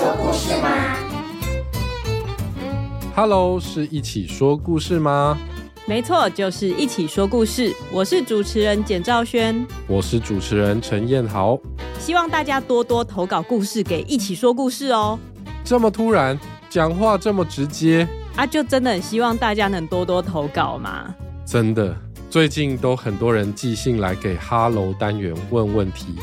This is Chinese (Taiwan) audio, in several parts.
說故事嗎？Hello，是一起說故事嗎？沒錯，就是一起說故事。我是主持人簡兆軒，我是主持人陳彥豪。希望大家多多投稿故事給一起說故事哦。這麼突然，講話這麼直接啊，就真的很希望大家能多多投稿嘛。真的，最近都很多人寄信來給 Hello 單元問問題。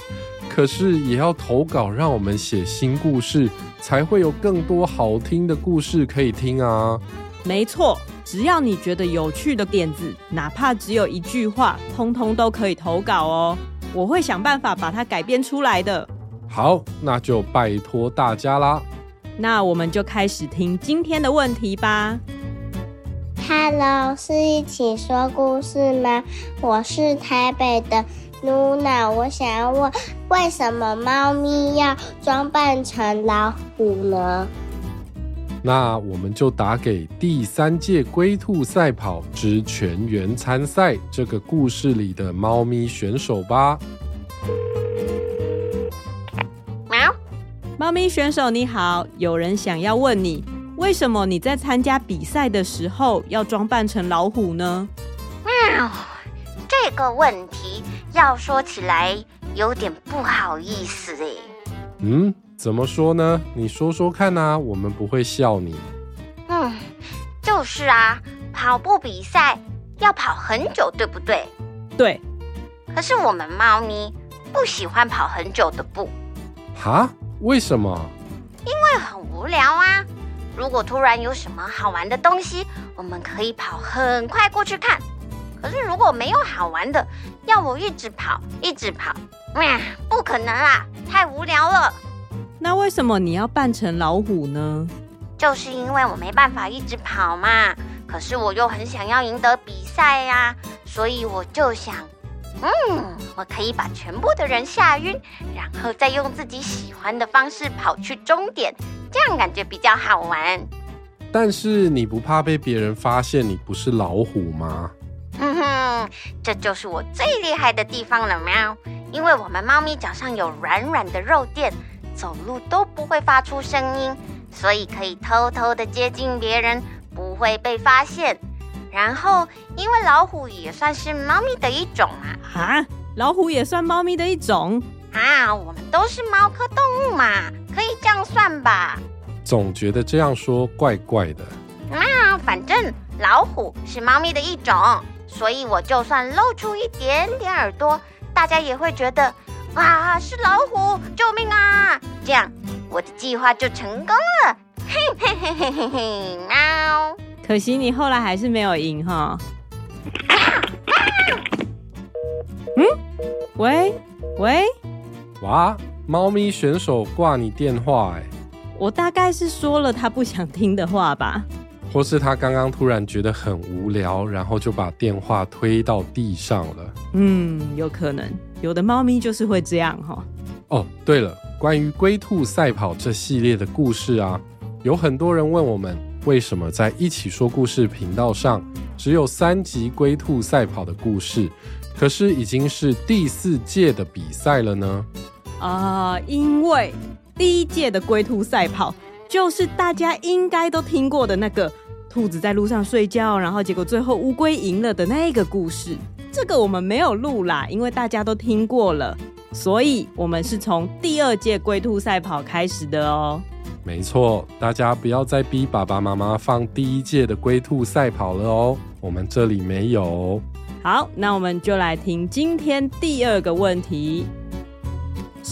可是也要投稿，讓我們寫新故事，才會有更多好聽的故事可以聽啊！沒錯，只要你覺得有趣的點子，哪怕只有一句話，通通都可以投稿哦。我會想辦法把它改編出來的。好，那就拜托大家啦。那我們就開始聽今天的問題吧。Hello，是一起說故事嗎？我是台北的。露娜，Luna, 我想要問，為什麼貓咪要裝扮成老虎呢？那我們就打給第三屆龜兔賽跑之全員參賽這個故事裡的貓咪選手吧。喵貓，貓咪選手你好，有人想要問你，為什麼你在參加比賽的時候要裝扮成老虎呢？喵，這個問題。要說起來有點不好意思誒。嗯，怎麼說呢？你說說看啊，我們不會笑你。嗯，就是啊，跑步比賽要跑很久，對不對？對。可是我們貓咪不喜歡跑很久的步。哈？為什麼？因為很無聊啊。如果突然有什麼好玩的東西，我們可以跑很快過去看。可是如果沒有好玩的，要我一直跑一直跑，哎呀、嗯，不可能啊，太無聊了。那為什麼你要扮成老虎呢？就是因為我沒辦法一直跑嘛。可是我又很想要贏得比賽呀、啊，所以我就想，嗯，我可以把全部的人嚇暈，然後再用自己喜歡的方式跑去終點，這樣感覺比較好玩。但是你不怕被別人發現你不是老虎嗎？哼、嗯，這就是我最厲害的地方了喵！因為我們貓咪腳上有軟軟的肉墊，走路都不會發出聲音，所以可以偷偷的接近別人，不會被發現。然後，因為老虎也算是貓咪的一種嘛啊？老虎也算貓咪的一種啊？我們都是貓科動物嘛，可以這樣算吧？總覺得這樣說怪怪的。那，反正老虎是貓咪的一種。所以我就算露出一點點耳朵，大家也會覺得，哇，是老虎，救命啊！這樣我的計劃就成功了。嘿嘿嘿嘿嘿嘿，喵！可惜你後來還是沒有贏哈。哦啊啊、嗯？喂？喂？哇！貓咪選手掛你電話哎！我大概是說了他不想聽的話吧。或是他剛剛突然覺得很無聊，然後就把電話推到地上了。嗯，有可能，有的貓咪就是會這樣哈、哦。哦，對了，關於《龜兔賽跑》這系列的故事啊，有很多人問我們，為什麼在《一起說故事》頻道上只有三集《龜兔賽跑》的故事，可是已經是第四屆的比賽了呢？啊、呃，因為第一屆的龜兔賽跑。就是大家應該都聽過的那個兔子在路上睡覺，然後結果最後烏龜贏了的那個故事。這個我們沒有錄啦，因為大家都聽過了，所以我們是從第二屆龜兔賽跑開始的哦。沒錯，大家不要再逼爸爸媽媽放第一屆的龜兔賽跑了哦，我們這裡沒有。好，那我們就來聽今天第二個問題。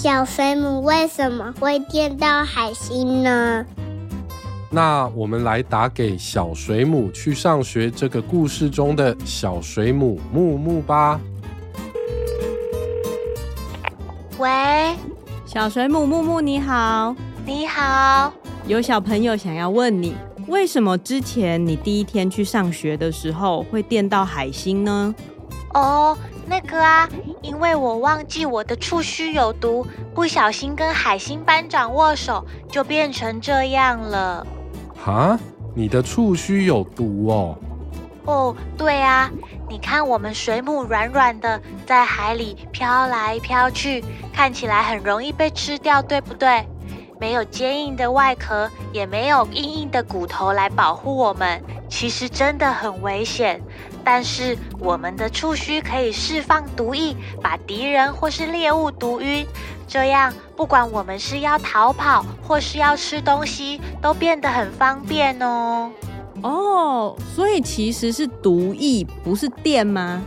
小水母為什麼會電到海星呢？那我們來打給《小水母去上學》這個故事中的小水母木木吧。喂，小水母木木你好。你好，你好。有小朋友想要問你，為什麼之前你第一天去上學的時候會電到海星呢？哦。那個啊，因為我忘記，我的觸鬚有毒，不小心跟海星班長握手，就變成這樣了。哈，你的觸鬚有毒哦？哦，對啊，你看我們水母軟軟的，在海裡飄來飄去，看起來很容易被吃掉，對不對？沒有堅硬的外殼，也沒有硬硬的骨頭來保護我們。其實真的很危險，但是我們的觸鬚可以釋放毒液，把敵人或是獵物毒暈，這樣不管我們是要逃跑或是要吃東西，都變得很方便哦。哦，oh, 所以其實是毒液，不是電嗎？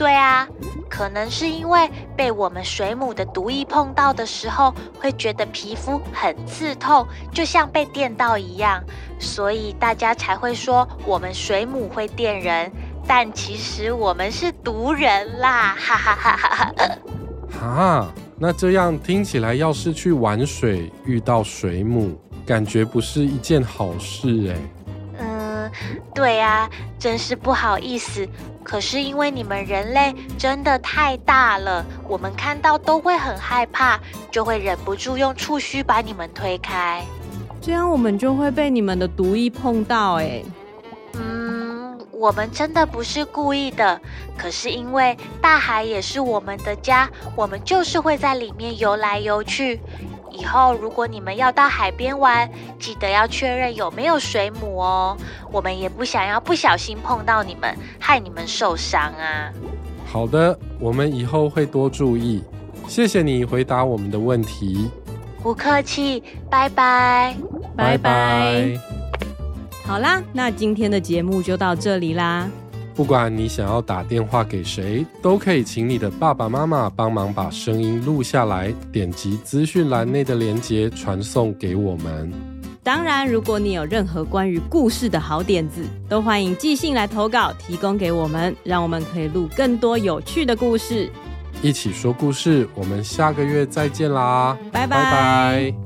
對啊，可能是因為被我們水母的毒液碰到的時候，會覺得皮膚很刺痛，就像被電到一樣，所以大家才會說我們水母會電人。但其實我們是毒人啦，哈哈哈哈哈哈。啊，那這樣聽起來，要是去玩水遇到水母，感覺不是一件好事誒、欸。嗯、對啊，真是不好意思。可是因為你們人類真的太大了，我們看到都會很害怕，就會忍不住用觸鬚把你們推開，這樣我們就會被你們的毒液碰到誒、欸、嗯，我們真的不是故意的。可是因為大海也是我們的家，我們就是會在裡面游來游去。以後如果你們要到海邊玩，記得要確認有沒有水母哦。我們也不想要不小心碰到你們，害你們受傷啊。好的，我們以後會多注意。謝謝你回答我們的問題。不客氣，拜拜，拜拜。好啦，那今天的節目就到這裡啦。不管你想要打電話給誰，都可以請你的爸爸媽媽幫忙把聲音錄下來，點擊資訊欄內的鏈接傳送給我們。當然，如果你有任何關於故事的好點子，都歡迎寄信來投稿，提供給我們，讓我們可以錄更多有趣的故事。一起說故事，我們下個月再見啦！拜拜 bye。Bye bye